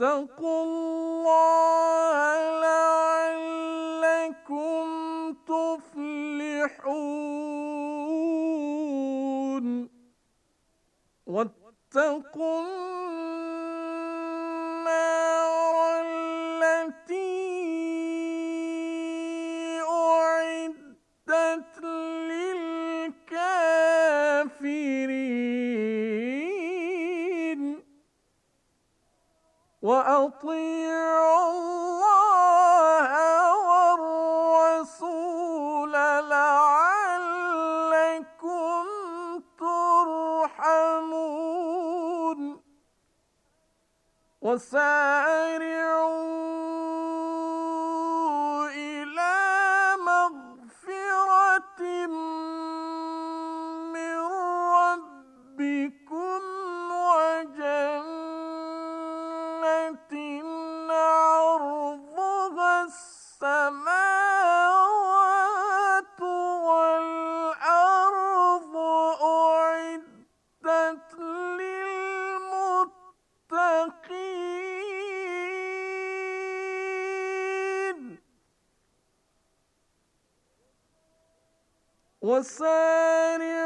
واتقوا الله لعلكم تفلحون واتقوا الأبصار 我三年。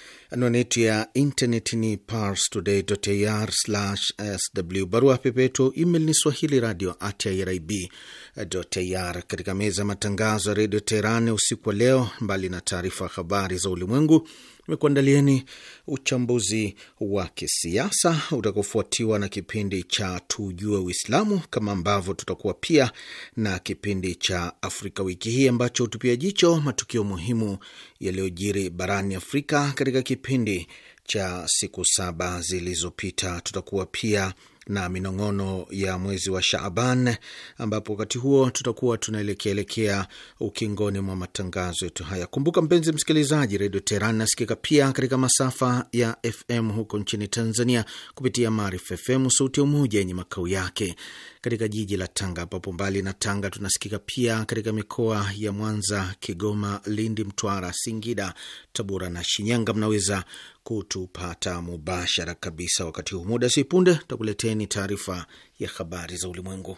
Anwani yetu ya intaneti ni parstoday.ir/sw. Barua yetu email ni swahili radio at irib.ir. Katika meza ya matangazo ya redio Teherani usiku wa leo, mbali na taarifa ya habari za ulimwengu Nimekuandalieni uchambuzi wa kisiasa utakaofuatiwa na kipindi cha tujue Uislamu, kama ambavyo tutakuwa pia na kipindi cha Afrika wiki hii ambacho hutupia jicho matukio muhimu yaliyojiri barani Afrika katika kipindi cha siku saba zilizopita. Tutakuwa pia na minong'ono ya mwezi wa Shaaban, ambapo wakati huo tutakuwa tunaelekeaelekea ukingoni mwa matangazo yetu haya. Kumbuka mpenzi msikilizaji, Redio Teheran nasikika pia katika masafa ya FM huko nchini Tanzania kupitia Maarifa FM Sauti ya Umoja yenye makao yake katika jiji la Tanga, ambapo mbali na Tanga tunasikika pia katika mikoa ya Mwanza, Kigoma, Lindi, Mtwara, Singida, Tabora na Shinyanga. Mnaweza kutupata mubashara kabisa. Wakati huu muda si punde tutakuleteni taarifa ya habari za ulimwengu.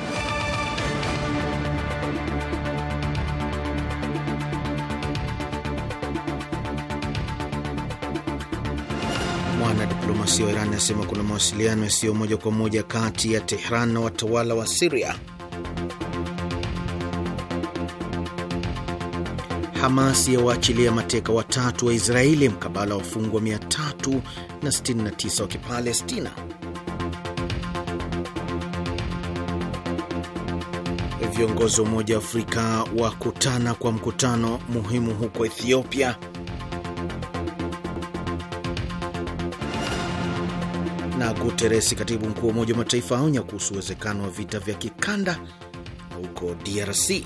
wa Iran asema kuna mawasiliano yasiyo moja kwa moja kati ya Tehran na watawala wa Siria. Hamas yawaachilia mateka watatu wa Israeli mkabala wafungwa 369 wa Kipalestina. Viongozi wa Umoja wa Afrika wakutana kwa mkutano muhimu huko Ethiopia. Guteres, katibu mkuu wa Umoja wa Mataifa, aonya kuhusu uwezekano wa vita vya kikanda huko DRC.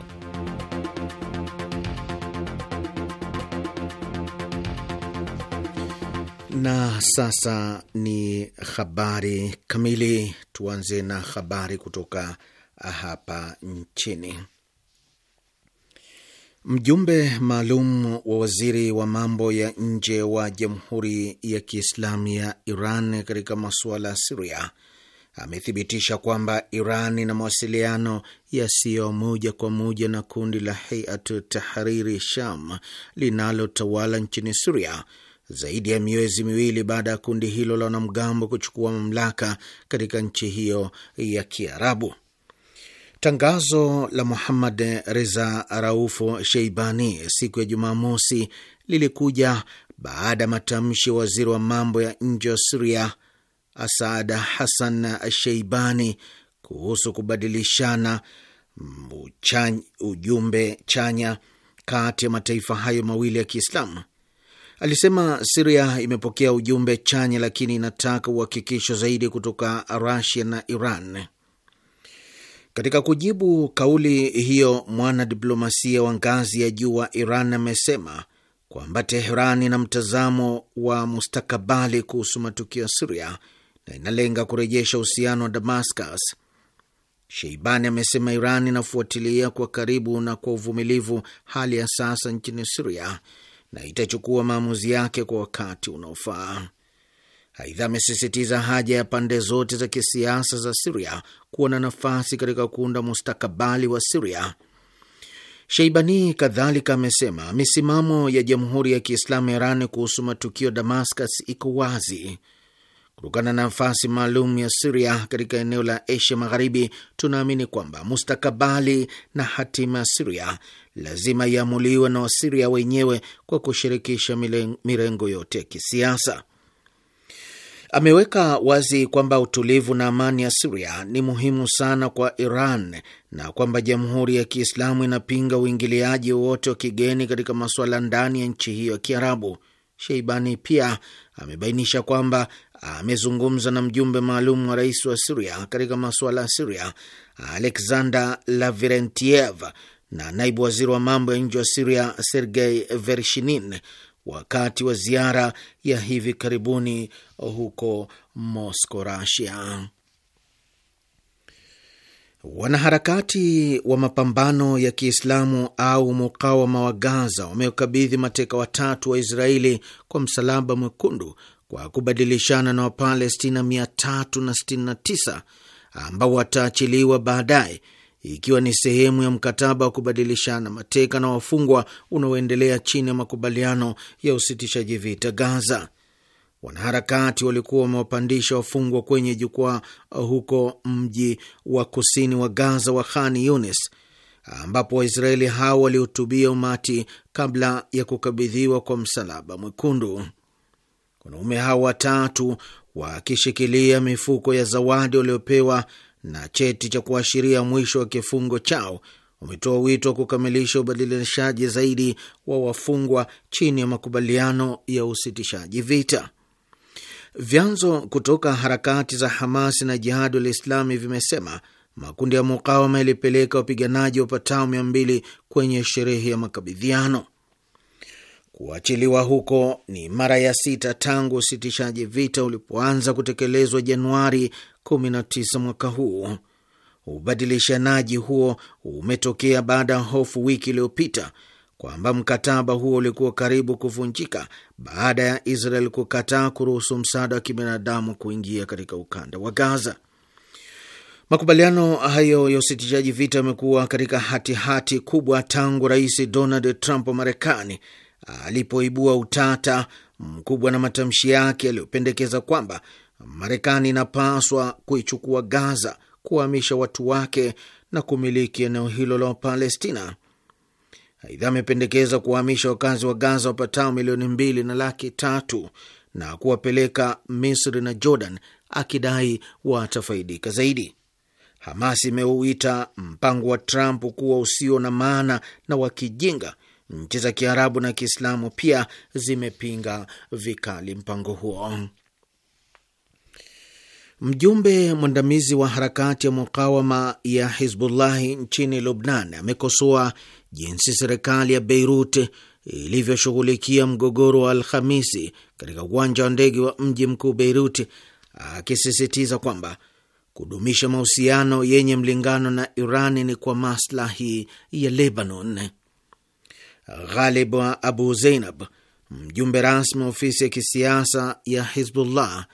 Na sasa ni habari kamili. Tuanze na habari kutoka hapa nchini. Mjumbe maalum wa waziri wa mambo ya nje wa Jamhuri ya Kiislamu ya Iran katika masuala ya Siria amethibitisha kwamba Iran ina mawasiliano yasiyo moja kwa moja na kundi la Hayat tahariri Sham linalotawala nchini Siria zaidi ya miezi miwili baada ya kundi hilo la wanamgambo kuchukua mamlaka katika nchi hiyo ya Kiarabu. Tangazo la Muhammad Reza Raufu Sheibani siku ya Jumamosi lilikuja baada ya matamshi ya waziri wa mambo ya nje wa Siria Asad Hassan Sheibani kuhusu kubadilishana ujumbe chanya kati ya mataifa hayo mawili ya Kiislamu. Alisema Siria imepokea ujumbe chanya, lakini inataka uhakikisho zaidi kutoka Rasia na Iran. Katika kujibu kauli hiyo, mwanadiplomasia wa ngazi ya juu wa Iran amesema kwamba Teheran ina mtazamo wa mustakabali kuhusu matukio ya Siria na inalenga kurejesha uhusiano wa Damascus. Sheibani amesema Iran inafuatilia kwa karibu na kwa uvumilivu hali ya sasa nchini Siria na itachukua maamuzi yake kwa wakati unaofaa. Aidha, amesisitiza haja ya pande zote za kisiasa za Siria kuwa na nafasi katika kuunda mustakabali wa Siria. Sheibani kadhalika amesema misimamo ya Jamhuri ya Kiislamu Iran kuhusu matukio Damascus iko wazi. Kutokana na nafasi maalum ya Siria katika eneo la Asia Magharibi, tunaamini kwamba mustakabali na hatima ya Siria lazima iamuliwe na Wasiria wenyewe kwa kushirikisha mirengo yote ya kisiasa. Ameweka wazi kwamba utulivu na amani ya Siria ni muhimu sana kwa Iran na kwamba Jamhuri ya Kiislamu inapinga uingiliaji wowote wa kigeni katika masuala ndani ya nchi hiyo ya Kiarabu. Sheibani pia amebainisha kwamba amezungumza na mjumbe maalum wa rais wa Siria katika masuala ya Siria, Alexander Lavrentiev, na naibu waziri wa mambo ya nje wa Siria Sergei Vershinin wakati wa ziara ya hivi karibuni huko Moscow, Russia. Wanaharakati wa mapambano ya Kiislamu au mukawama wa Gaza wamekabidhi mateka watatu wa Israeli kwa Msalaba Mwekundu kwa kubadilishana na Wapalestina 369 ambao wataachiliwa baadaye ikiwa ni sehemu ya mkataba wa kubadilishana mateka na wafungwa unaoendelea chini ya makubaliano ya usitishaji vita Gaza. Wanaharakati walikuwa wamewapandisha wafungwa kwenye jukwaa huko mji wa kusini wa Gaza wa Khan Yunis, ambapo Waisraeli hao walihutubia umati kabla ya kukabidhiwa kwa Msalaba Mwekundu. Wanaume hao watatu wakishikilia mifuko ya zawadi waliopewa na cheti cha kuashiria mwisho wa kifungo chao umetoa wito wa kukamilisha ubadilishaji zaidi wa wafungwa chini ya makubaliano ya usitishaji vita. Vyanzo kutoka harakati za Hamas na jihadi Islami vimesema makundi ya mukawama yalipeleka wapiganaji wapatao mia mbili kwenye sherehe ya makabidhiano. Kuachiliwa huko ni mara ya sita tangu usitishaji vita ulipoanza kutekelezwa Januari 19 mwaka huu. Ubadilishanaji huo umetokea baada ya hofu wiki iliyopita kwamba mkataba huo ulikuwa karibu kuvunjika baada ya Israel kukataa kuruhusu msaada wa kibinadamu kuingia katika ukanda wa Gaza. Makubaliano hayo ya usitishaji vita yamekuwa katika hatihati kubwa tangu Rais Donald Trump wa Marekani alipoibua utata mkubwa na matamshi yake yaliyopendekeza kwamba Marekani inapaswa kuichukua Gaza, kuwahamisha watu wake na kumiliki eneo hilo la Palestina. Aidha, amependekeza kuwahamisha wakazi wa Gaza wapatao milioni mbili na laki tatu na kuwapeleka Misri na Jordan, akidai watafaidika zaidi. Hamas imeuita mpango wa Trump kuwa usio na maana na wa kijinga. Nchi za Kiarabu na Kiislamu pia zimepinga vikali mpango huo. Mjumbe mwandamizi wa harakati ya mukawama ya Hizbullahi nchini Lubnan amekosoa jinsi serikali ya Beirut ilivyoshughulikia mgogoro wa Alhamisi katika uwanja wa ndege wa mji mkuu Beirut, akisisitiza kwamba kudumisha mahusiano yenye mlingano na Irani ni kwa maslahi ya Lebanon. Ghalib wa Abu Zeinab, mjumbe rasmi wa ofisi ya kisiasa ya Hizbullah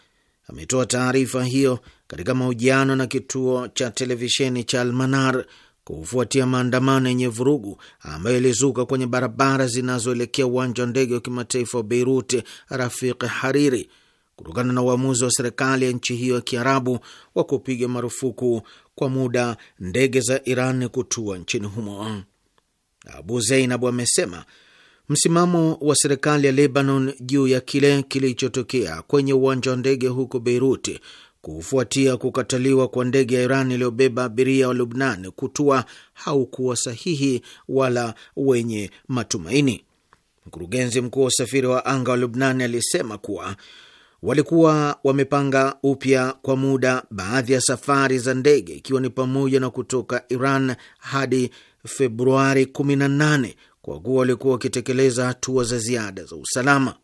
ametoa taarifa hiyo katika mahojiano na kituo cha televisheni cha Almanar kufuatia maandamano yenye vurugu ambayo ilizuka kwenye barabara zinazoelekea uwanja wa ndege wa kimataifa wa Beirut Rafiq Hariri kutokana na uamuzi wa serikali ya nchi hiyo ya Kiarabu wa kupiga marufuku kwa muda ndege za Iran kutua nchini humo. Abu Zeinabu amesema Msimamo wa serikali ya Lebanon juu ya kile kilichotokea kwenye uwanja wa ndege huko Beiruti kufuatia kukataliwa kwa ndege ya Iran iliyobeba abiria wa Lubnan kutua haukuwa sahihi wala wenye matumaini. Mkurugenzi mkuu wa usafiri wa anga wa Lubnan alisema kuwa walikuwa wamepanga upya kwa muda baadhi ya safari za ndege ikiwa ni pamoja na kutoka Iran hadi Februari 18 kwa kuwa walikuwa wakitekeleza hatua za ziada za usalama.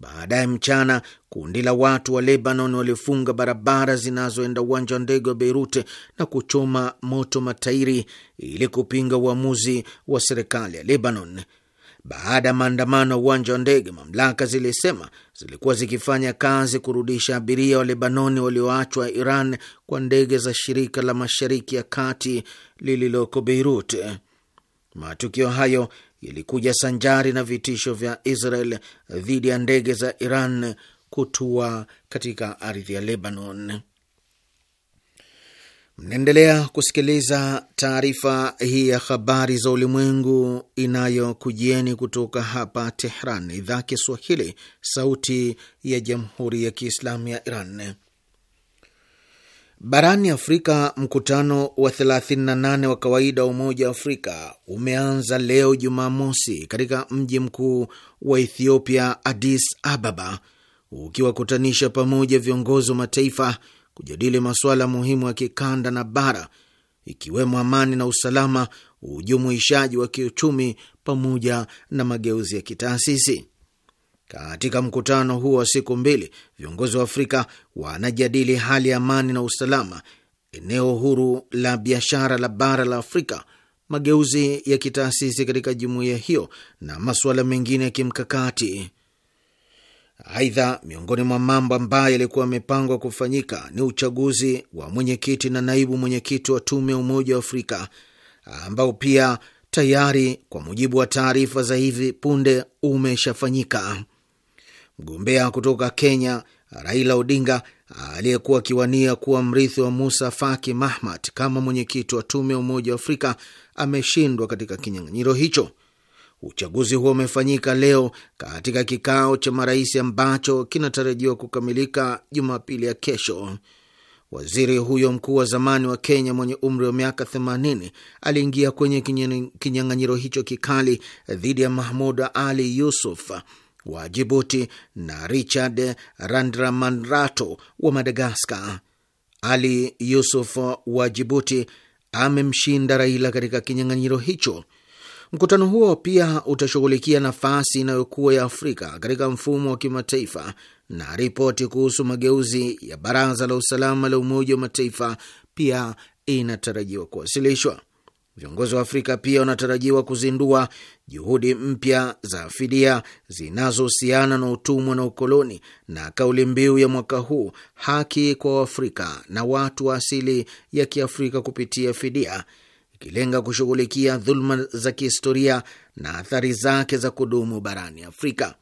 Baadaye mchana, kundi la watu wa Lebanon walifunga barabara zinazoenda uwanja wa ndege wa Beirut na kuchoma moto matairi ili kupinga uamuzi wa serikali ya Lebanon. Baada ya maandamano ya uwanja wa ndege, mamlaka zilisema zilikuwa zikifanya kazi kurudisha abiria wa Lebanoni walioachwa Iran kwa ndege za shirika la mashariki ya kati lililoko Beirut. Matukio hayo yalikuja sanjari na vitisho vya Israel dhidi ya ndege za Iran kutua katika ardhi ya Lebanon. Mnaendelea kusikiliza taarifa hii ya habari za ulimwengu inayokujieni kutoka hapa Tehran, idhaa Kiswahili, sauti ya jamhuri ya kiislamu ya Iran. Barani Afrika, mkutano wa 38 wa kawaida wa Umoja wa Afrika umeanza leo Jumamosi katika mji mkuu wa Ethiopia, Addis Ababa, ukiwakutanisha pamoja viongozi wa mataifa kujadili masuala muhimu ya kikanda na bara, ikiwemo amani na usalama, ujumuishaji wa kiuchumi pamoja na mageuzi ya kitaasisi. Katika mkutano huo wa siku mbili, viongozi wa Afrika wanajadili hali ya amani na usalama, eneo huru la biashara la bara la Afrika, mageuzi ya kitaasisi katika jumuiya hiyo na masuala mengine ya kimkakati. Aidha, miongoni mwa mambo ambayo yalikuwa yamepangwa kufanyika ni uchaguzi wa mwenyekiti na naibu mwenyekiti wa tume ya Umoja wa Afrika ambao pia tayari kwa mujibu wa taarifa za hivi punde umeshafanyika. Mgombea kutoka Kenya Raila Odinga aliyekuwa akiwania kuwa mrithi wa Musa Faki Mahamat kama mwenyekiti wa tume ya Umoja wa Afrika ameshindwa katika kinyang'anyiro hicho. Uchaguzi huo umefanyika leo katika kikao cha marais ambacho kinatarajiwa kukamilika Jumapili ya kesho. Waziri huyo mkuu wa zamani wa Kenya mwenye umri wa miaka 80 aliingia kwenye kinyang'anyiro hicho kikali dhidi ya Mahmud Ali Yusuf wa Jibuti na Richard Randramanrato wa Madagaskar. Ali Yusuf wa Jibuti amemshinda Raila katika kinyang'anyiro hicho. Mkutano huo pia utashughulikia nafasi inayokuwa ya Afrika katika mfumo wa kimataifa na ripoti kuhusu mageuzi ya Baraza la Usalama la Umoja wa Mataifa pia inatarajiwa kuwasilishwa. Viongozi wa Afrika pia wanatarajiwa kuzindua juhudi mpya za fidia zinazohusiana na utumwa na ukoloni, na kauli mbiu ya mwaka huu haki kwa Waafrika na watu wa asili ya Kiafrika kupitia fidia, ikilenga kushughulikia dhuluma za kihistoria na athari zake za kudumu barani Afrika.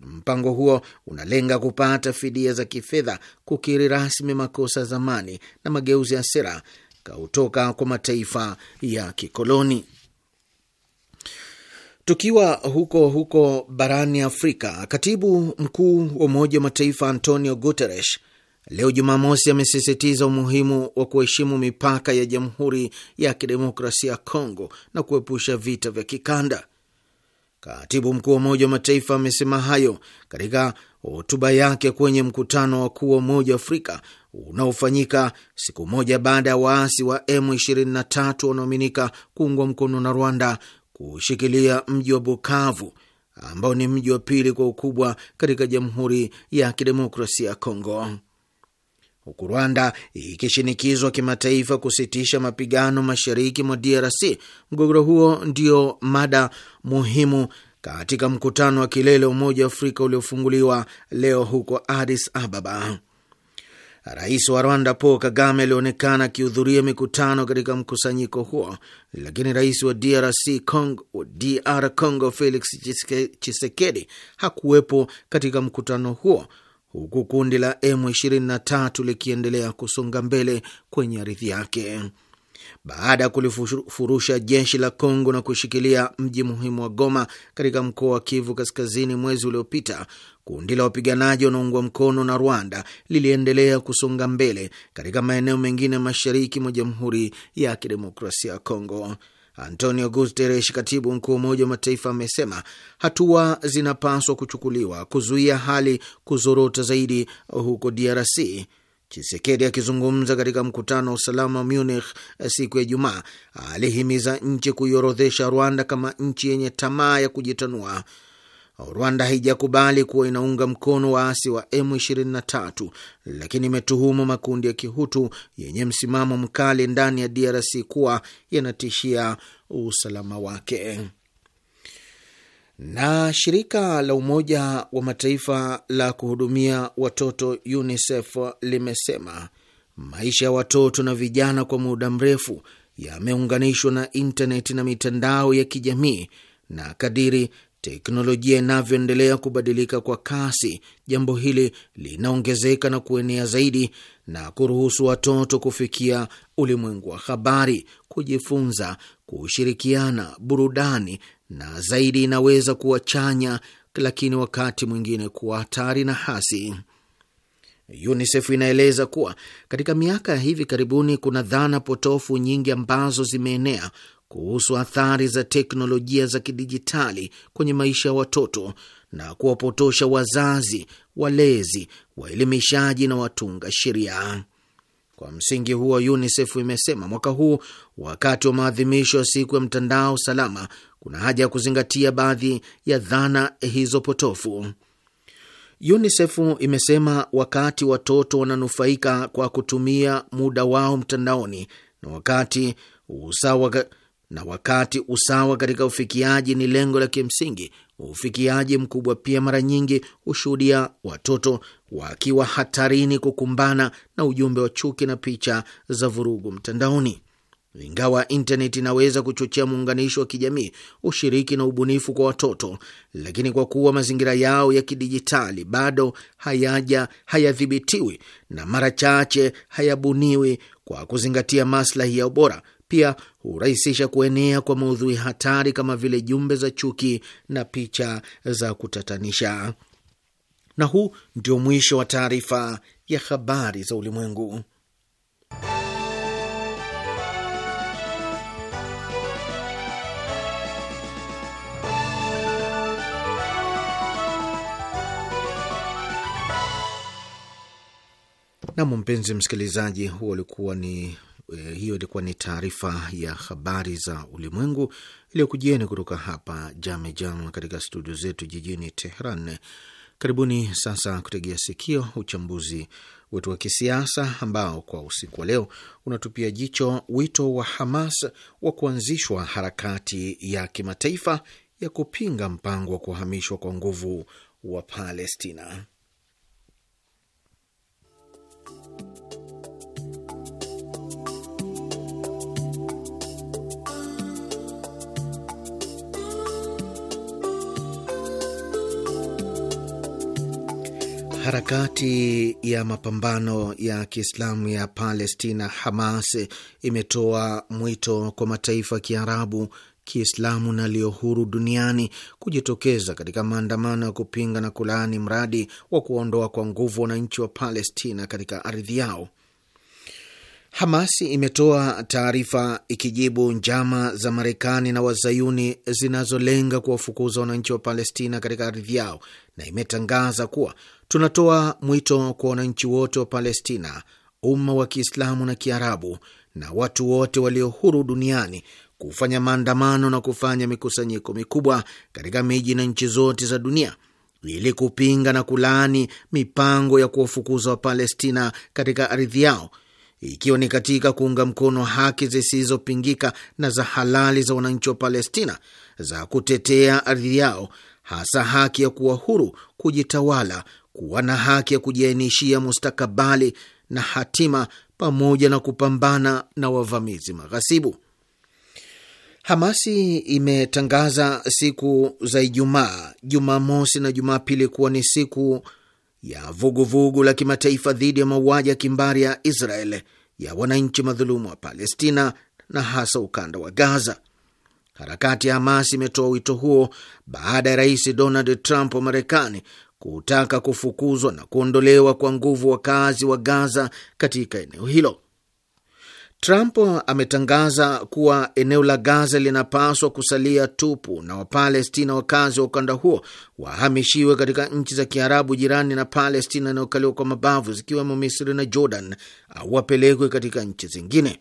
Mpango huo unalenga kupata fidia za kifedha, kukiri rasmi makosa zamani na mageuzi ya sera kautoka kwa mataifa ya kikoloni. Tukiwa huko huko barani Afrika, katibu mkuu wa Umoja wa Mataifa Antonio Guterres leo Jumamosi amesisitiza umuhimu wa kuheshimu mipaka ya Jamhuri ya Kidemokrasia ya Kongo na kuepusha vita vya kikanda. Katibu mkuu wa Umoja wa Mataifa amesema hayo katika hotuba yake kwenye mkutano wa kuu wa Umoja wa Afrika unaofanyika siku moja baada ya waasi wa M23 wanaoaminika kuungwa mkono na Rwanda kushikilia mji wa Bukavu ambao ni mji wa pili kwa ukubwa katika Jamhuri ya Kidemokrasia ya Kongo, huku Rwanda ikishinikizwa kimataifa kusitisha mapigano mashariki mwa DRC. Mgogoro huo ndio mada muhimu katika mkutano wa kilele Umoja wa Afrika uliofunguliwa leo huko Addis Ababa. Rais wa Rwanda Paul Kagame alionekana akihudhuria mikutano katika mkusanyiko huo, lakini rais wa DRC Congo, DR Congo Felix chisekedi hakuwepo katika mkutano huo, huku kundi la M23 likiendelea kusonga mbele kwenye ardhi yake baada ya kulifurusha jeshi la Kongo na kushikilia mji muhimu wa Goma katika mkoa wa Kivu Kaskazini mwezi uliopita, kundi la wapiganaji wanaungwa mkono na Rwanda liliendelea kusonga mbele katika maeneo mengine mashariki mwa Jamhuri ya Kidemokrasia ya Kongo. Antonio Guterres, katibu mkuu wa Umoja wa Mataifa, amesema hatua zinapaswa kuchukuliwa kuzuia hali kuzorota zaidi huko DRC Chisekedi akizungumza katika mkutano wa usalama wa Munich eh, siku ya Ijumaa alihimiza nchi kuiorodhesha Rwanda kama nchi yenye tamaa ya kujitanua. Rwanda haijakubali kuwa inaunga mkono waasi wa M23 lakini imetuhumu makundi ya kihutu yenye msimamo mkali ndani ya DRC kuwa yanatishia usalama wake. Na shirika la Umoja wa Mataifa la kuhudumia watoto UNICEF limesema maisha ya watoto na vijana kwa muda mrefu yameunganishwa na intaneti na mitandao ya kijamii, na kadiri teknolojia inavyoendelea kubadilika kwa kasi, jambo hili linaongezeka na kuenea zaidi na kuruhusu watoto kufikia ulimwengu wa habari, kujifunza, kushirikiana, burudani na zaidi inaweza kuwa chanya, lakini wakati mwingine kuwa hatari na hasi. UNICEF inaeleza kuwa katika miaka ya hivi karibuni kuna dhana potofu nyingi ambazo zimeenea kuhusu athari za teknolojia za kidijitali kwenye maisha ya watoto na kuwapotosha wazazi, walezi, waelimishaji na watunga sheria. Kwa msingi huo, UNICEF imesema mwaka huu, wakati wa maadhimisho ya siku ya mtandao salama, kuna haja ya kuzingatia baadhi ya dhana hizo potofu. UNICEF imesema wakati watoto wananufaika kwa kutumia muda wao mtandaoni na wakati usawa, na wakati usawa katika ufikiaji ni lengo la kimsingi, ufikiaji mkubwa pia mara nyingi hushuhudia watoto wakiwa hatarini kukumbana na ujumbe wa chuki na picha za vurugu mtandaoni. Ingawa intaneti inaweza kuchochea muunganisho wa kijamii, ushiriki na ubunifu kwa watoto, lakini kwa kuwa mazingira yao ya kidijitali bado hayaja hayadhibitiwi na mara chache hayabuniwi kwa kuzingatia maslahi ya ubora, pia hurahisisha kuenea kwa maudhui hatari kama vile jumbe za chuki na picha za kutatanisha. Na huu ndio mwisho wa taarifa ya habari za ulimwengu. Nam, mpenzi msikilizaji, huo ulikuwa ni e, hiyo ilikuwa ni taarifa ya habari za ulimwengu iliyokujieni kutoka hapa Jame Jam katika studio zetu jijini Tehran. Karibuni sasa kutegea sikio uchambuzi wetu wa kisiasa ambao kwa usiku wa leo unatupia jicho wito wa Hamas wa kuanzishwa harakati ya kimataifa ya kupinga mpango wa kuhamishwa kwa nguvu wa Palestina. Harakati ya mapambano ya Kiislamu ya Palestina, Hamas, imetoa mwito kwa mataifa ya Kiarabu Kiislamu na aliyo huru duniani kujitokeza katika maandamano ya kupinga na kulaani mradi wa kuondoa kwa nguvu wananchi wa Palestina katika ardhi yao. Hamasi imetoa taarifa ikijibu njama za Marekani na wazayuni zinazolenga kuwafukuza wananchi wa Palestina katika ardhi yao, na imetangaza kuwa tunatoa mwito kwa wananchi wote wa Palestina, umma wa Kiislamu na Kiarabu na watu wote walio huru duniani kufanya maandamano na kufanya mikusanyiko mikubwa katika miji na nchi zote za dunia ili kupinga na kulaani mipango ya kuwafukuza Wapalestina katika ardhi yao ikiwa ni katika kuunga mkono haki zisizopingika na za halali za wananchi wa Palestina za kutetea ardhi yao, hasa haki ya kuwa huru, kujitawala, kuwa na haki ya kujiainishia mustakabali na hatima, pamoja na kupambana na wavamizi maghasibu. Hamasi imetangaza siku za Ijumaa, Jumamosi na Jumapili kuwa ni siku ya vuguvugu vugu la kimataifa dhidi ya mauaji ya kimbari ya Israel ya wananchi madhulumu wa Palestina na hasa ukanda wa Gaza. Harakati ya Hamas imetoa wito huo baada ya Rais Donald Trump wa Marekani kutaka kufukuzwa na kuondolewa kwa nguvu wakazi wa Gaza katika eneo hilo. Trump ametangaza kuwa eneo la Gaza linapaswa kusalia tupu na Wapalestina wakazi wa ukanda huo wahamishiwe katika nchi za Kiarabu jirani na Palestina inayokaliwa kwa mabavu zikiwemo Misri na Jordan au wapelekwe katika nchi zingine.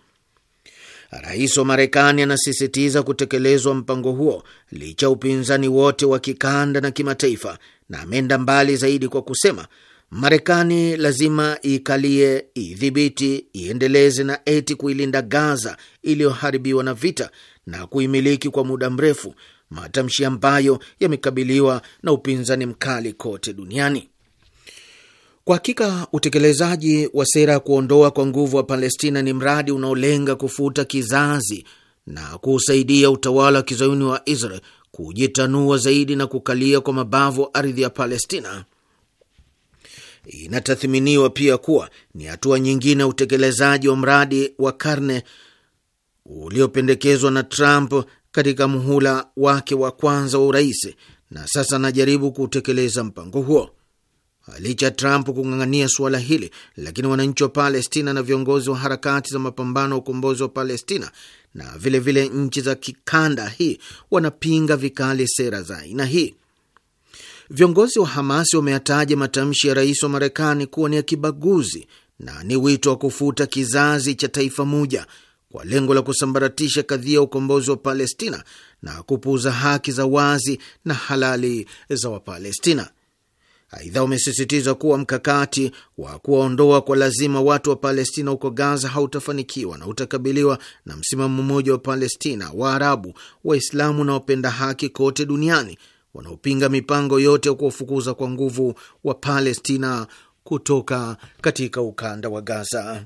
Rais wa Marekani anasisitiza kutekelezwa mpango huo licha upinzani wote wa kikanda na kimataifa, na ameenda mbali zaidi kwa kusema Marekani lazima ikalie, idhibiti, iendeleze na eti kuilinda Gaza iliyoharibiwa na vita na kuimiliki kwa muda mrefu, matamshi ambayo yamekabiliwa na upinzani mkali kote duniani. Kwa hakika utekelezaji wa sera ya kuondoa kwa nguvu wa Palestina ni mradi unaolenga kufuta kizazi na kusaidia utawala wa kizayuni wa Israel kujitanua zaidi na kukalia kwa mabavu ardhi ya Palestina. Inatathiminiwa pia kuwa ni hatua nyingine ya utekelezaji wa mradi wa karne uliopendekezwa na Trump katika muhula wake wa kwanza wa urais, na sasa anajaribu kutekeleza mpango huo. Licha Trump kung'ang'ania suala hili, lakini wananchi wa Palestina na viongozi wa harakati za mapambano ya ukombozi wa Palestina na vilevile vile nchi za kikanda hii wanapinga vikali sera za aina hii. Viongozi wa Hamasi wameyataja matamshi ya rais wa Marekani kuwa ni ya kibaguzi na ni wito wa kufuta kizazi cha taifa moja kwa lengo la kusambaratisha kadhia ya ukombozi wa Palestina na kupuuza haki za wazi na halali za Wapalestina. Aidha, wamesisitiza kuwa mkakati wa kuwaondoa kwa lazima watu wa Palestina huko Gaza hautafanikiwa na utakabiliwa na msimamo mmoja wa Palestina, Waarabu, Waislamu na wapenda haki kote duniani wanaopinga mipango yote ya kuwafukuza kwa nguvu wa Palestina kutoka katika ukanda wa Gaza.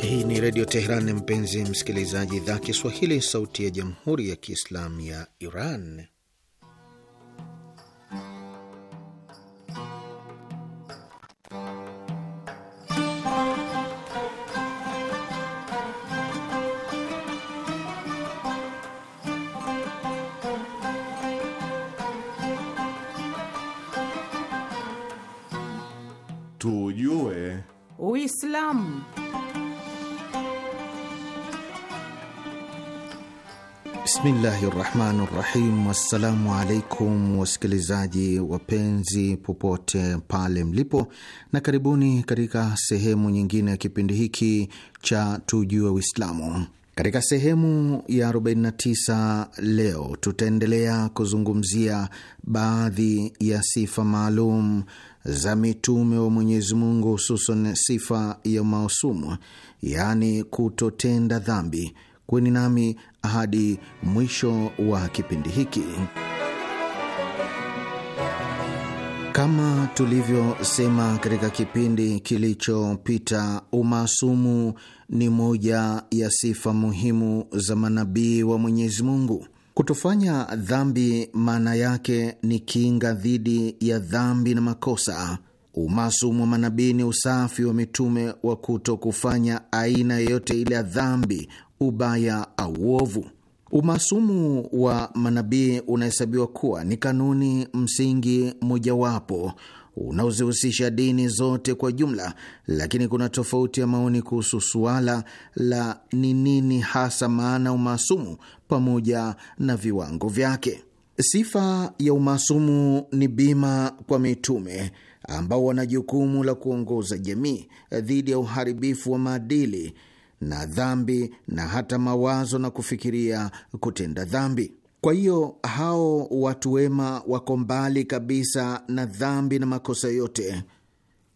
Hii ni Redio Teheran, mpenzi msikilizaji, idhaa Kiswahili, sauti ya Jamhuri ya Kiislamu ya Iran. Uislamu. Bismillahi rahmani rahim. Wassalamu alaikum wasikilizaji wapenzi popote pale mlipo, na karibuni katika sehemu nyingine ya kipindi hiki cha tujue Uislamu. Katika sehemu ya 49 leo tutaendelea kuzungumzia baadhi ya sifa maalum za mitume wa Mwenyezi Mungu, hususan sifa ya mausumu, yaani kutotenda dhambi. Kweni nami hadi mwisho wa kipindi hiki. Kama tulivyosema katika kipindi kilichopita, umaasumu ni moja ya sifa muhimu za manabii wa Mwenyezi Mungu. Kutofanya dhambi maana yake ni kinga dhidi ya dhambi na makosa. Umasumu wa manabii ni usafi wa mitume wa kuto kufanya aina yoyote ile ya dhambi, ubaya au uovu. Umasumu wa manabii unahesabiwa kuwa ni kanuni msingi mojawapo unaozihusisha dini zote kwa jumla, lakini kuna tofauti ya maoni kuhusu suala la ni nini hasa maana umaasumu pamoja na viwango vyake. Sifa ya umaasumu ni bima kwa mitume ambao wana jukumu la kuongoza jamii dhidi ya uharibifu wa maadili na dhambi na hata mawazo na kufikiria kutenda dhambi. Kwa hiyo hao watu wema wako mbali kabisa na dhambi na makosa yote.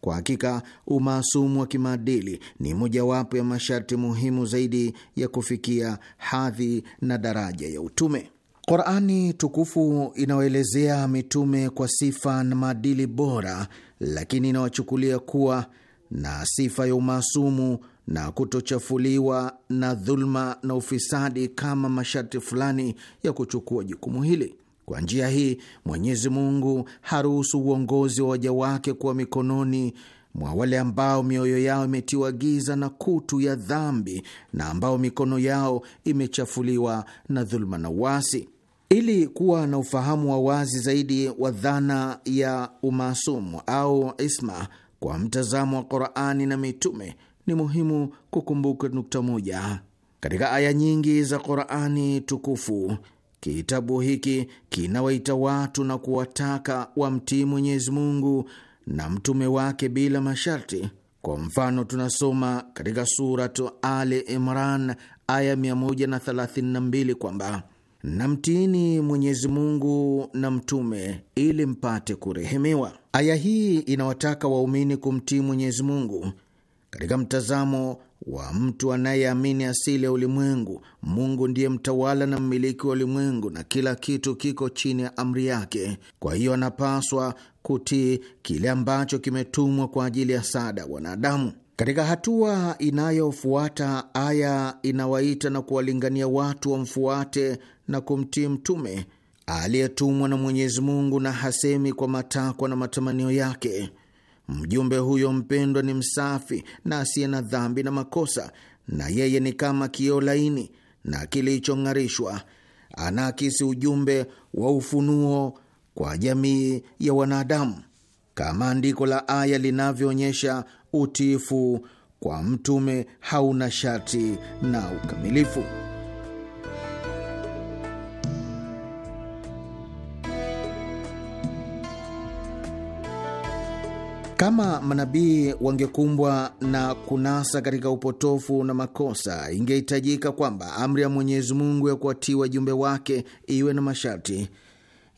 Kwa hakika umaasumu wa kimaadili ni mojawapo ya masharti muhimu zaidi ya kufikia hadhi na daraja ya utume. Qurani tukufu inawaelezea mitume kwa sifa na maadili bora, lakini inawachukulia kuwa na sifa ya umaasumu na kutochafuliwa na dhuluma na ufisadi kama masharti fulani ya kuchukua jukumu hili. Kwa njia hii, Mwenyezi Mungu haruhusu uongozi wa waja wake kuwa mikononi mwa wale ambao mioyo yao imetiwa giza na kutu ya dhambi na ambao mikono yao imechafuliwa na dhuluma na uasi. Ili kuwa na ufahamu wa wazi zaidi wa dhana ya umaasumu au isma kwa mtazamo wa Qurani na mitume ni muhimu kukumbuka nukta moja. Katika aya nyingi za Qurani tukufu, kitabu hiki kinawaita watu na kuwataka wamtii Mwenyezi Mungu na mtume wake bila masharti. Kwa mfano, tunasoma katika Suratu Ali Imran aya 132 kwamba namtiini Mwenyezi Mungu na mtume ili mpate kurehemiwa. Aya hii inawataka waumini kumtii Mwenyezi Mungu katika mtazamo wa mtu anayeamini asili ya ulimwengu, Mungu ndiye mtawala na mmiliki wa ulimwengu na kila kitu kiko chini ya amri yake. Kwa hiyo anapaswa kutii kile ambacho kimetumwa kwa ajili ya sada wanadamu. Katika hatua inayofuata, aya inawaita na kuwalingania watu wamfuate na kumtii mtume aliyetumwa na Mwenyezi Mungu, na hasemi kwa matakwa na matamanio yake Mjumbe huyo mpendwa ni msafi na asiye na dhambi na makosa, na yeye ni kama kioo laini na kilichong'arishwa. Anaakisi ujumbe wa ufunuo kwa jamii ya wanadamu, kama andiko la aya linavyoonyesha. Utiifu kwa mtume hauna sharti na ukamilifu. Kama manabii wangekumbwa na kunasa katika upotofu na makosa, ingehitajika kwamba amri ya Mwenyezi Mungu ya kuwatii wajumbe wake iwe na masharti,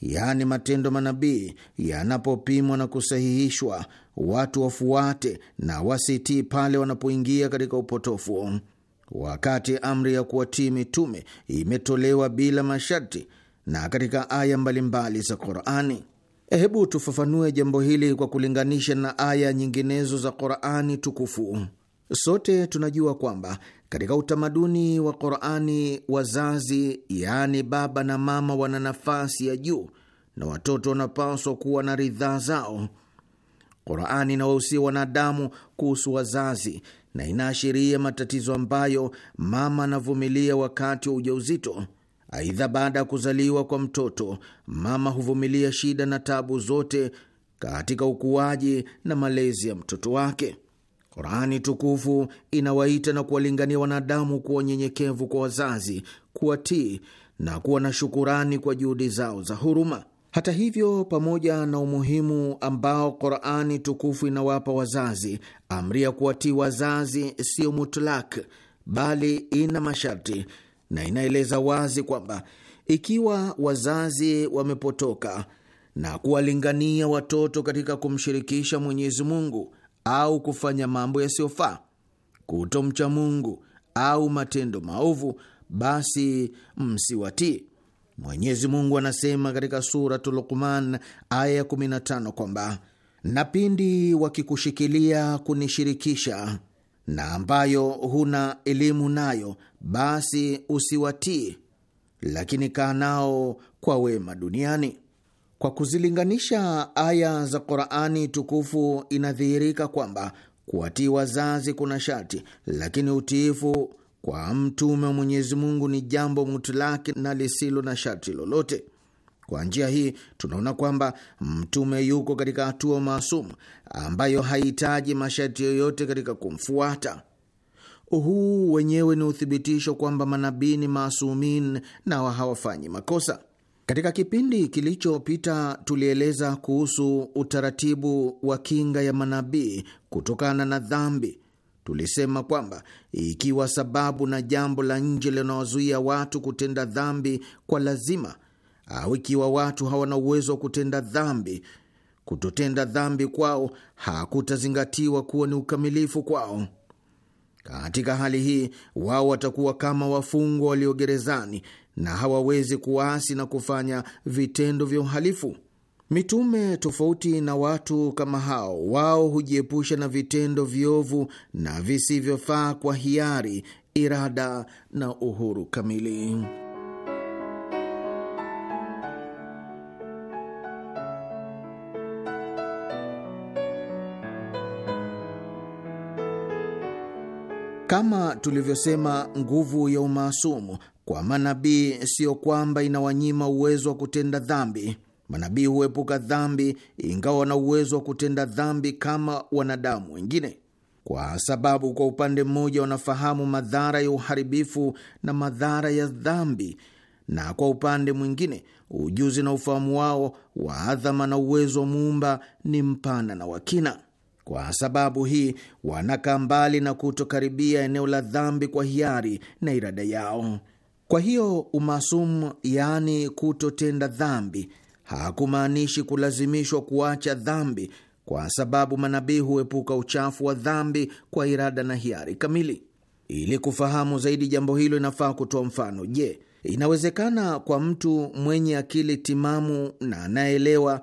yaani matendo manabii yanapopimwa na kusahihishwa, watu wafuate na wasitii pale wanapoingia katika upotofu. Wakati amri ya kuwatii mitume imetolewa bila masharti na katika aya mbalimbali za Qur'ani Hebu tufafanue jambo hili kwa kulinganisha na aya nyinginezo za Qurani tukufu. Sote tunajua kwamba katika utamaduni wa Qurani wazazi, yaani baba na mama, wana nafasi ya juu na watoto wanapaswa kuwa na ridhaa zao. Qurani inawahusia wanadamu kuhusu wazazi na inaashiria matatizo ambayo mama anavumilia wakati wa ujauzito. Aidha, baada ya kuzaliwa kwa mtoto, mama huvumilia shida na tabu zote katika ukuaji na malezi ya mtoto wake. Qurani tukufu inawaita na kuwalingania wanadamu kuwa nyenyekevu kwa wazazi, kuwatii na kuwa na shukurani kwa juhudi zao za huruma. Hata hivyo, pamoja na umuhimu ambao Qurani tukufu inawapa wazazi, amri ya kuwatii wazazi siyo mutlak, bali ina masharti na inaeleza wazi kwamba ikiwa wazazi wamepotoka na kuwalingania watoto katika kumshirikisha Mwenyezi Mungu au kufanya mambo yasiyofaa, kutomcha Mungu au matendo maovu, basi msiwatii. Mwenyezi Mungu anasema katika Suratu Luqman aya ya 15 kwamba na pindi wakikushikilia kunishirikisha na ambayo huna elimu nayo, basi usiwatii, lakini kaa nao kwa wema duniani. Kwa kuzilinganisha aya za Qurani tukufu, inadhihirika kwamba kuwatii wazazi kuna sharti, lakini utiifu kwa mtume wa Mwenyezi Mungu ni jambo mutlaki na lisilo na sharti lolote. Kwa njia hii tunaona kwamba mtume yuko katika hatua maasum ambayo hahitaji masharti yoyote katika kumfuata. Huu wenyewe ni uthibitisho kwamba manabii ni maasumin na hawafanyi makosa. Katika kipindi kilichopita tulieleza kuhusu utaratibu wa kinga ya manabii kutokana na dhambi. Tulisema kwamba ikiwa sababu na jambo la nje linawazuia watu kutenda dhambi kwa lazima au ikiwa watu hawana uwezo wa kutenda dhambi, kutotenda dhambi kwao hakutazingatiwa kuwa ni ukamilifu kwao. Katika hali hii, wao watakuwa kama wafungwa walio gerezani na hawawezi kuasi na kufanya vitendo vya uhalifu. Mitume, tofauti na watu kama hao, wao hujiepusha na vitendo viovu na visivyofaa kwa hiari, irada na uhuru kamili. Kama tulivyosema, nguvu ya umaasumu kwa manabii siyo kwamba inawanyima uwezo wa kutenda dhambi. Manabii huepuka dhambi, ingawa wana uwezo wa kutenda dhambi kama wanadamu wengine, kwa sababu kwa upande mmoja wanafahamu madhara ya uharibifu na madhara ya dhambi, na kwa upande mwingine ujuzi na ufahamu wao wa adhama na uwezo wa Muumba ni mpana na wakina. Kwa sababu hii wanakaa mbali na kutokaribia eneo la dhambi kwa hiari na irada yao. Kwa hiyo umaasumu, yaani kutotenda dhambi, hakumaanishi kulazimishwa kuacha dhambi, kwa sababu manabii huepuka uchafu wa dhambi kwa irada na hiari kamili. Ili kufahamu zaidi jambo hilo, inafaa kutoa mfano. Je, inawezekana kwa mtu mwenye akili timamu na anayeelewa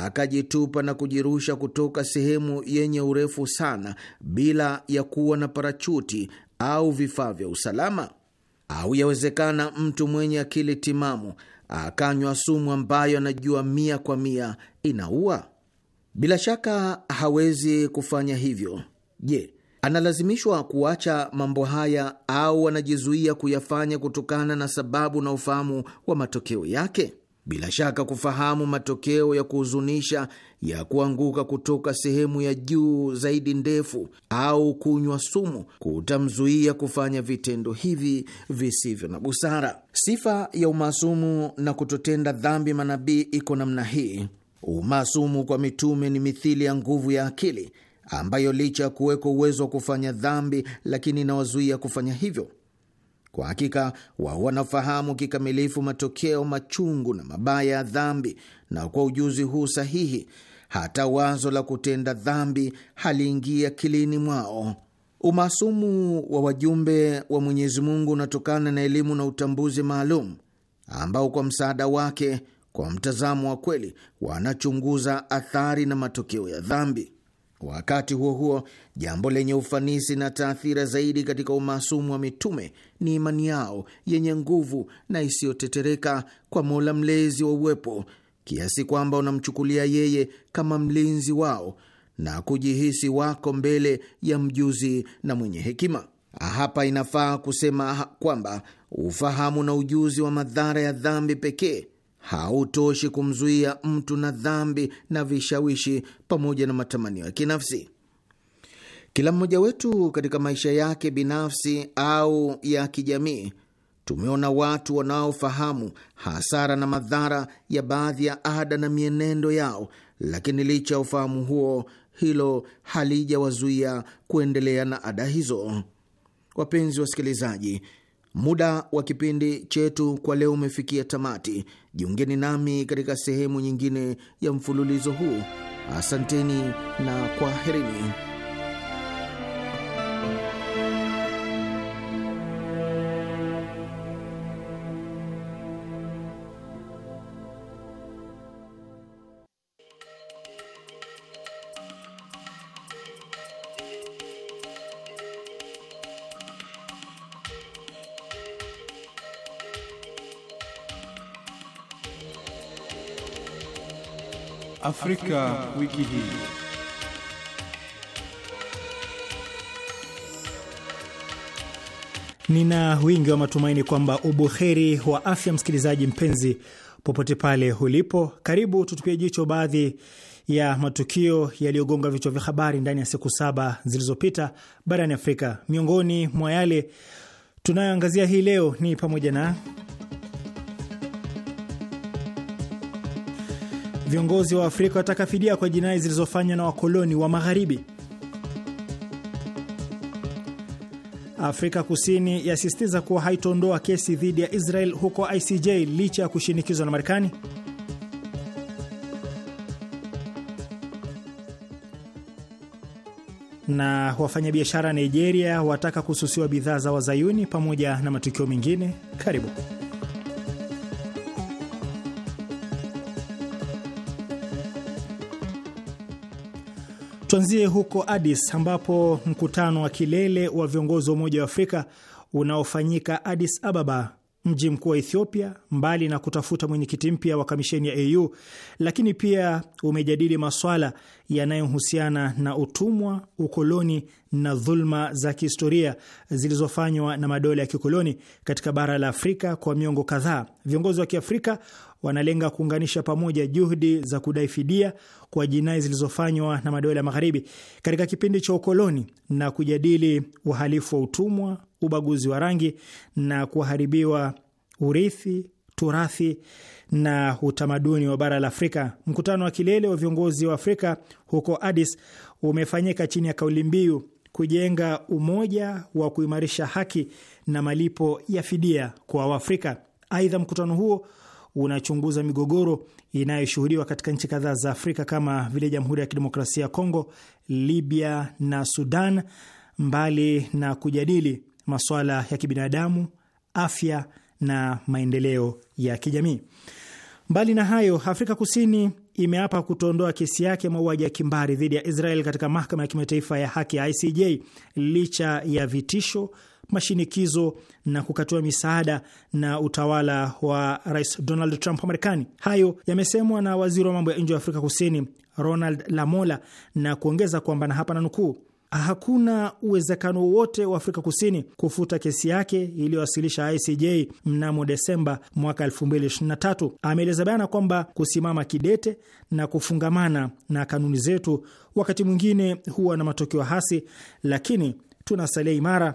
akajitupa na kujirusha kutoka sehemu yenye urefu sana bila ya kuwa na parachuti au vifaa vya usalama? Au yawezekana mtu mwenye akili timamu akanywa sumu ambayo anajua mia kwa mia inaua? Bila shaka hawezi kufanya hivyo. Je, analazimishwa kuacha mambo haya au anajizuia kuyafanya kutokana na sababu na ufahamu wa matokeo yake? Bila shaka kufahamu matokeo ya kuhuzunisha ya kuanguka kutoka sehemu ya juu zaidi ndefu au kunywa sumu kutamzuia kufanya vitendo hivi visivyo na busara. Sifa ya umaasumu na kutotenda dhambi manabii iko namna hii. Umaasumu kwa mitume ni mithili ya nguvu ya akili ambayo licha ya kuwekwa uwezo wa kufanya dhambi, lakini inawazuia kufanya hivyo. Kwa hakika wao wanafahamu kikamilifu matokeo machungu na mabaya ya dhambi, na kwa ujuzi huu sahihi, hata wazo la kutenda dhambi haliingia kilini mwao. Umaasumu wa wajumbe wa Mwenyezi Mungu unatokana na elimu na utambuzi maalum ambao kwa msaada wake, kwa mtazamo wa kweli, wanachunguza athari na matokeo ya dhambi. Wakati huo huo, Jambo lenye ufanisi na taathira zaidi katika umaasumu wa mitume ni imani yao yenye nguvu na isiyotetereka kwa Mola mlezi wa uwepo, kiasi kwamba unamchukulia yeye kama mlinzi wao na kujihisi wako mbele ya mjuzi na mwenye hekima. Hapa inafaa kusema kwamba ufahamu na ujuzi wa madhara ya dhambi pekee hautoshi kumzuia mtu na dhambi na vishawishi pamoja na matamanio ya kinafsi. Kila mmoja wetu katika maisha yake binafsi au ya kijamii tumeona watu wanaofahamu hasara na madhara ya baadhi ya ada na mienendo yao, lakini licha ya ufahamu huo, hilo halijawazuia kuendelea na ada hizo. Wapenzi wasikilizaji, muda wa kipindi chetu kwa leo umefikia tamati. Jiungeni nami katika sehemu nyingine ya mfululizo huu. Asanteni na kwaherini. Afrika, wiki hii. Nina wingi wa matumaini kwamba ubuheri wa afya, msikilizaji mpenzi, popote pale ulipo. Karibu tutupie jicho baadhi ya matukio yaliyogonga vichwa vya habari ndani ya siku saba zilizopita barani Afrika. Miongoni mwa yale tunayoangazia hii leo ni pamoja na Viongozi wa Afrika wataka fidia kwa jinai zilizofanywa na wakoloni wa Magharibi. Afrika Kusini yasisitiza kuwa haitoondoa kesi dhidi ya Israel huko ICJ licha ya kushinikizwa na Marekani. Na wafanyabiashara Nigeria wataka kususiwa bidhaa za Wazayuni pamoja na matukio mengine. Karibu. Tuanzie huko Addis ambapo mkutano wa kilele wa viongozi wa Umoja wa Afrika unaofanyika Addis Ababa, mji mkuu wa Ethiopia, mbali na kutafuta mwenyekiti mpya wa kamisheni ya AU, lakini pia umejadili maswala yanayohusiana na utumwa, ukoloni na dhulma za kihistoria zilizofanywa na madola ya kikoloni katika bara la Afrika kwa miongo kadhaa. Viongozi wa Kiafrika wanalenga kuunganisha pamoja juhudi za kudai fidia kwa jinai zilizofanywa na madola ya magharibi katika kipindi cha ukoloni na kujadili uhalifu wa utumwa, ubaguzi wa rangi na kuharibiwa urithi, turathi na utamaduni wa bara la Afrika. Mkutano wa kilele wa viongozi wa Afrika huko Addis umefanyika chini ya kauli mbiu kujenga umoja wa kuimarisha haki na malipo ya fidia kwa Waafrika. Aidha, mkutano huo unachunguza migogoro inayoshuhudiwa katika nchi kadhaa za Afrika kama vile Jamhuri ya Kidemokrasia ya Kongo, Libya na Sudan, mbali na kujadili masuala ya kibinadamu, afya na maendeleo ya kijamii. Mbali na hayo, Afrika Kusini imeapa kutoondoa kesi yake mauaji ya kimbari dhidi ya Israel katika mahakama ya kimataifa ya haki ya ICJ licha ya vitisho mashinikizo na kukatiwa misaada na utawala wa Rais Donald Trump wa Marekani. Hayo yamesemwa na waziri wa mambo ya nje wa Afrika Kusini Ronald Lamola na kuongeza kwamba, na hapa na nukuu, hakuna uwezekano wowote wa Afrika Kusini kufuta kesi yake iliyowasilisha ICJ mnamo Desemba mwaka 2023. Ameeleza bayana kwamba kusimama kidete na kufungamana na kanuni zetu wakati mwingine huwa na matokeo hasi, lakini tunasalia imara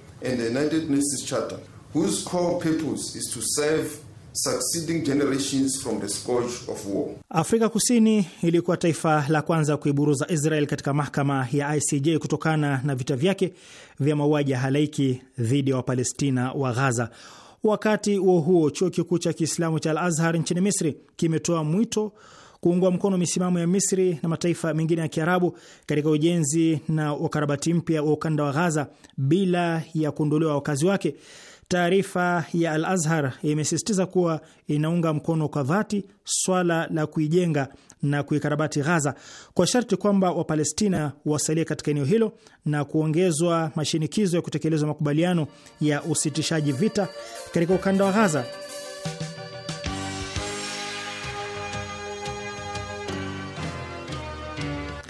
and the United Nations Charter, whose core purpose is to save succeeding generations from the scourge of war. Afrika Kusini ilikuwa taifa la kwanza kuiburuza Israel katika mahakama ya ICJ kutokana na vita vyake vya mauaji ya halaiki dhidi ya wa Wapalestina wa Gaza. Wakati huo huo, chuo kikuu cha Kiislamu cha Al Azhar nchini Misri kimetoa mwito kuungwa mkono misimamo ya Misri na mataifa mengine ya Kiarabu katika ujenzi na ukarabati mpya wa ukanda wa Ghaza bila ya kuondolewa wakazi wake. Taarifa ya Al Azhar imesisitiza kuwa inaunga mkono kwa dhati swala la kuijenga na kuikarabati Ghaza kwa sharti kwamba Wapalestina wasalie katika eneo hilo na kuongezwa mashinikizo ya kutekelezwa makubaliano ya usitishaji vita katika ukanda wa Ghaza.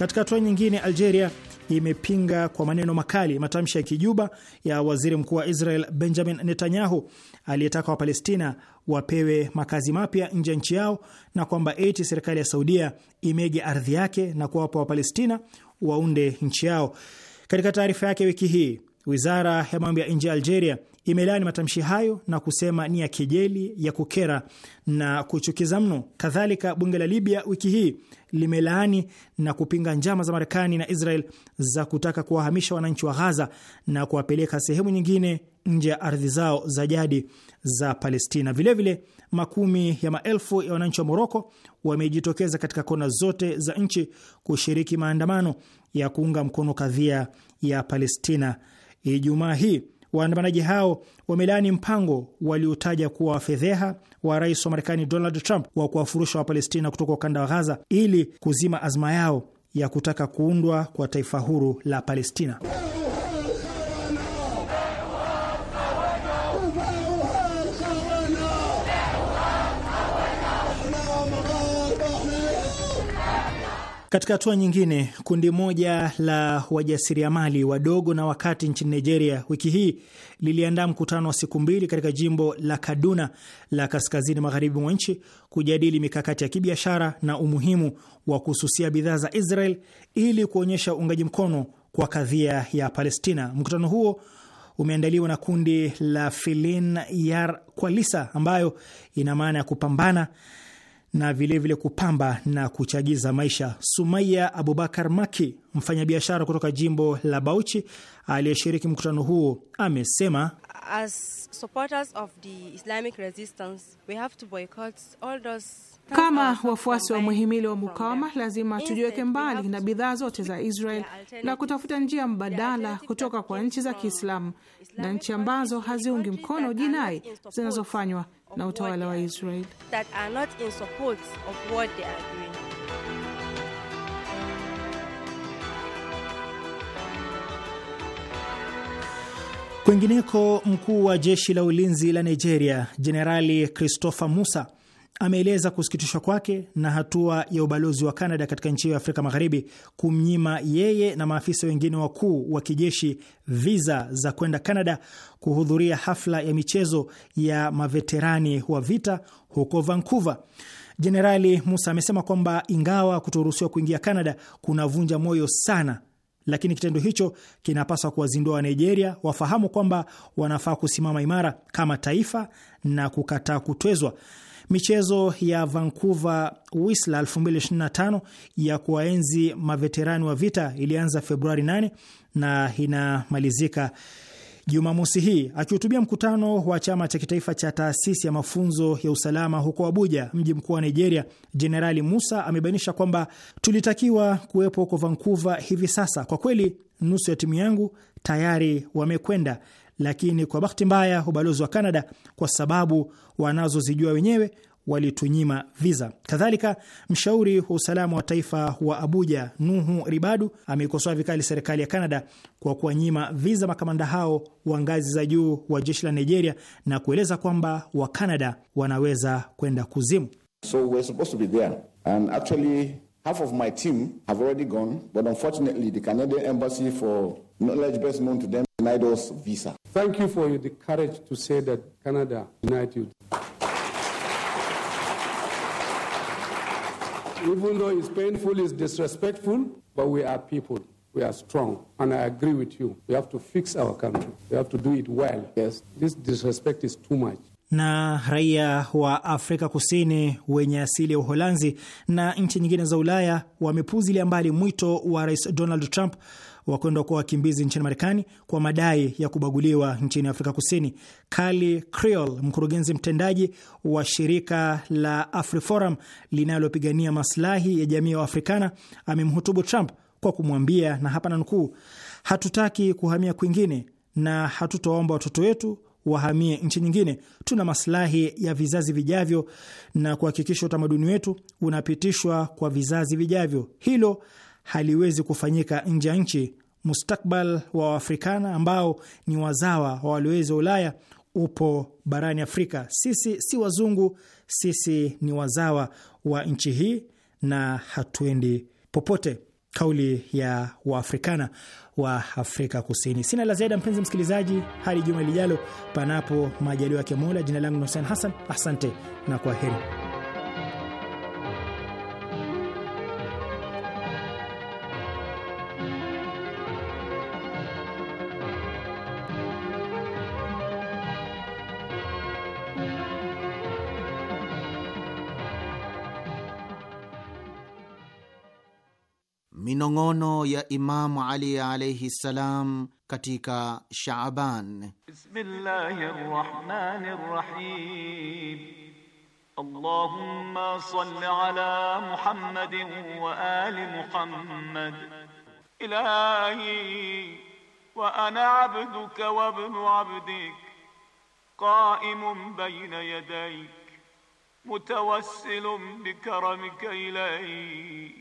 Katika hatua nyingine, Algeria imepinga kwa maneno makali matamshi ya kijuba ya waziri mkuu wa Israel Benjamin Netanyahu aliyetaka Wapalestina wapewe makazi mapya nje ya nchi yao na kwamba eti serikali ya Saudia imege ardhi yake na kuwapa Wapalestina waunde nchi yao. Katika taarifa yake wiki hii, wizara ya mambo ya nje ya Algeria imelaani matamshi hayo na kusema ni ya kejeli ya kukera na kuchukiza mno. Kadhalika, bunge la Libya wiki hii limelaani na kupinga njama za Marekani na Israel za kutaka kuwahamisha wananchi wa Ghaza na kuwapeleka sehemu nyingine nje ya ardhi zao za jadi za Palestina. Vilevile vile, makumi ya maelfu ya wananchi wa Moroko wamejitokeza katika kona zote za nchi kushiriki maandamano ya kuunga mkono kadhia ya Palestina Ijumaa hii. Waandamanaji hao wamelaani mpango waliotaja kuwa wafedheha wa rais wa Marekani Donald Trump wa kuwafurusha Wapalestina kutoka ukanda wa Ghaza ili kuzima azma yao ya kutaka kuundwa kwa taifa huru la Palestina. Katika hatua nyingine, kundi moja la wajasiriamali wadogo na wakati nchini Nigeria wiki hii liliandaa mkutano wa siku mbili katika jimbo la Kaduna la kaskazini magharibi mwa nchi kujadili mikakati ya kibiashara na umuhimu wa kususia bidhaa za Israel ili kuonyesha uungaji mkono kwa kadhia ya Palestina. Mkutano huo umeandaliwa na kundi la Filin Yar Kwalisa ambayo ina maana ya kupambana na vilevile vile kupamba na kuchagiza maisha. sumaya Abubakar Maki, mfanyabiashara kutoka jimbo la Bauchi aliyeshiriki mkutano huo, amesema As supporters of the Islamic resistance we have to boycott all those kama wafuasi wa muhimili wa mukawama, lazima tujiweke mbali na bidhaa zote za Israel na kutafuta njia mbadala kutoka kwa nchi za Kiislamu na nchi ambazo haziungi mkono jinai zinazofanywa na utawala wa Israel. Kwingineko, mkuu wa jeshi la ulinzi la Nigeria Jenerali Christopher Musa ameeleza kusikitishwa kwake na hatua ya ubalozi wa canada katika nchi hiyo ya Afrika Magharibi kumnyima yeye na maafisa wengine wakuu wa kijeshi viza za kwenda canada kuhudhuria hafla ya michezo ya maveterani wa vita huko Vancouver. Jenerali Musa amesema kwamba ingawa kutoruhusiwa kuingia canada kunavunja moyo sana, lakini kitendo hicho kinapaswa kuwazindua wa Nigeria wafahamu kwamba wanafaa kusimama imara kama taifa na kukataa kutwezwa. Michezo ya Vancouver Whistler 2025 ya kuwaenzi maveterani wa vita ilianza Februari 8 na inamalizika Jumamosi hii. Akihutubia mkutano wa chama cha kitaifa cha taasisi ya mafunzo ya usalama huko Abuja, mji mkuu wa Nigeria, Jenerali Musa amebainisha kwamba tulitakiwa kuwepo huko Vancouver hivi sasa. Kwa kweli nusu ya timu yangu tayari wamekwenda lakini kwa bahati mbaya ubalozi wa Kanada, kwa sababu wanazozijua wenyewe, walitunyima viza. Kadhalika, mshauri wa usalama wa taifa wa Abuja, Nuhu Ribadu, ameikosoa vikali serikali ya Kanada kwa kuwanyima viza makamanda hao wa ngazi za juu wa jeshi la Nigeria na kueleza kwamba kanada wanaweza kwenda kuzimu. So Half of my team have already gone, but unfortunately, the Canadian Embassy, for knowledge best known to them, denied us visa. Thank you for the courage to say that Canada denied you. Even though it's painful, it's disrespectful, but we are people. We are strong. And I agree with you. We have to fix our country. We have to do it well. Yes. This disrespect is too much. na raia wa Afrika Kusini wenye asili ya Uholanzi na nchi nyingine za Ulaya wamepuzilia mbali mwito wa Rais Donald Trump wa kwenda kuwa wakimbizi nchini Marekani kwa madai ya kubaguliwa nchini Afrika Kusini. Kali Creol, mkurugenzi mtendaji wa shirika la AfriForum linalopigania maslahi ya jamii ya Waafrikana, amemhutubu Trump kwa kumwambia, na hapa nanukuu, hatutaki kuhamia kwingine na hatutoomba watoto wetu wahamie nchi nyingine. Tuna maslahi ya vizazi vijavyo na kuhakikisha utamaduni wetu unapitishwa kwa vizazi vijavyo. Hilo haliwezi kufanyika nje ya nchi. Mustakbal wa Waafrikana ambao ni wazawa wa wa Ulaya upo barani Afrika. Sisi si wazungu, sisi ni wazawa wa nchi hii na hatuendi popote. Kauli ya Waafrikana wa Afrika Kusini. Sina la ziada, mpenzi msikilizaji, hadi juma lijalo, panapo majaliwa ya Mola. Jina langu ni Hussein Hassan, asante na kwa heri. minong'ono ya Imamu Ali alaihi ssalam katika Shaaban. Bismillahirrahmanirrahim. Allahumma salli ala Muhammadin wa ali Muhammad. Ilahi wa ana abduka wa ibnu abdik qaimun bayna yadayk mutawassilun bikarmika ilayk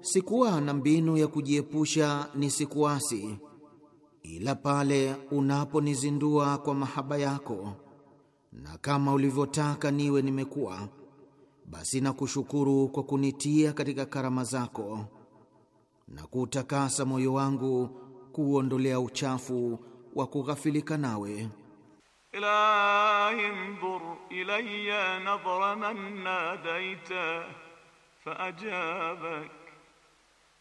sikuwa na mbinu ya kujiepusha nisikuasi, ila pale unaponizindua kwa mahaba yako, na kama ulivyotaka niwe nimekuwa, basi nakushukuru kwa kunitia katika karama zako na kuutakasa moyo wangu kuuondolea uchafu wa kughafilika nawe. Ilahi ndhur ilayya nadhra man nadaita faajabak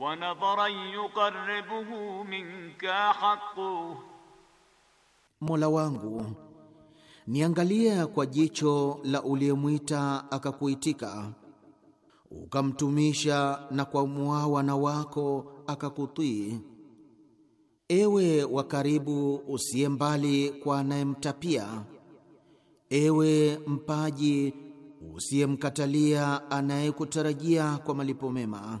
wanadhara yuqarribuhu minka haqqu, Mola wangu niangalia kwa jicho la uliyemwita akakuitika, ukamtumisha na kwa muawana wako akakutii. Ewe wa karibu usiye mbali kwa anayemtapia, ewe mpaji usiyemkatalia anayekutarajia kwa malipo mema.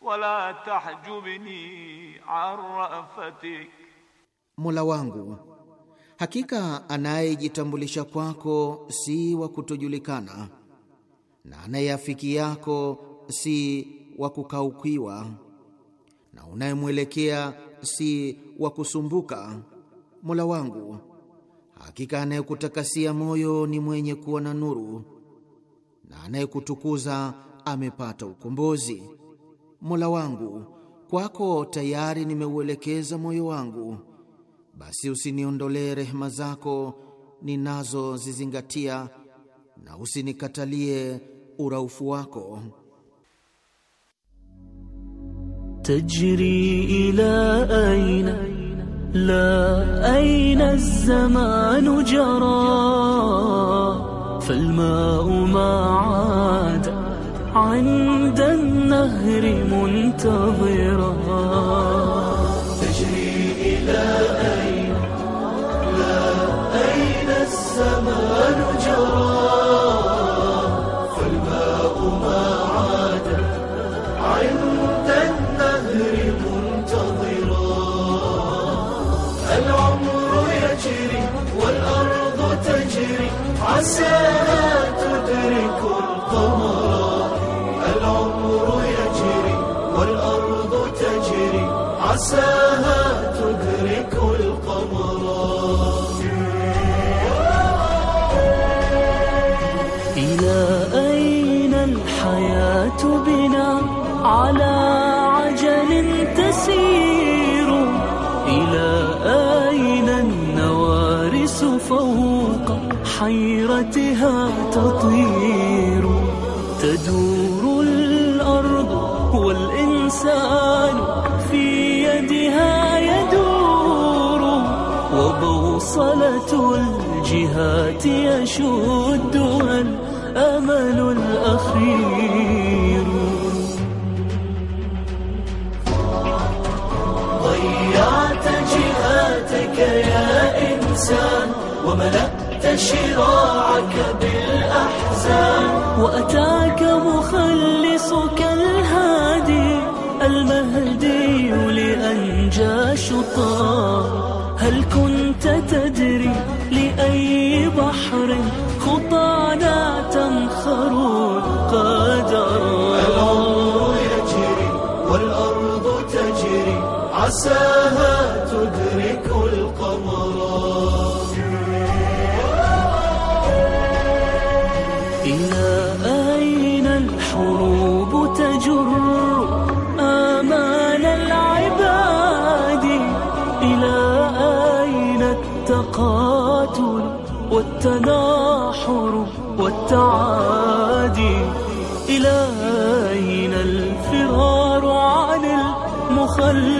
wala tahjubni arafatik, Mola wangu, hakika anayejitambulisha kwako si wa kutojulikana na anayeafiki yako si wa kukaukiwa na unayemwelekea si wa kusumbuka. Mola wangu, hakika anayekutakasia moyo ni mwenye kuwa na nuru na anayekutukuza amepata ukombozi. Mola wangu, kwako tayari nimeuelekeza moyo wangu, basi usiniondolee rehema zako ninazozizingatia na usinikatalie uraufu wako. tajri ila aina la aina zaman jara falmau maada عند النهر منتظرة تجري إلى أين لا أين السماء جرى فالماء ما عاد عند النهر منتظرا العمر يجري والأرض تجري عسى عساها تدرك القمر إلى أين الحياة بنا على عجل تسير إلى أين النوارس فوق حيرة الوقت يشدها الأمل الأخير ضيعت جهاتك يا إنسان وملأت شراعك بالأحزان وأتاك مخلصك الهادي المهدي لأنجى شطار هل كنت تدري عساها تدرك القمر إلى أين الحروب تجر آمان العباد إلى أين التقاتل والتناحر والتعادي إلى أين الفرار عن المخلد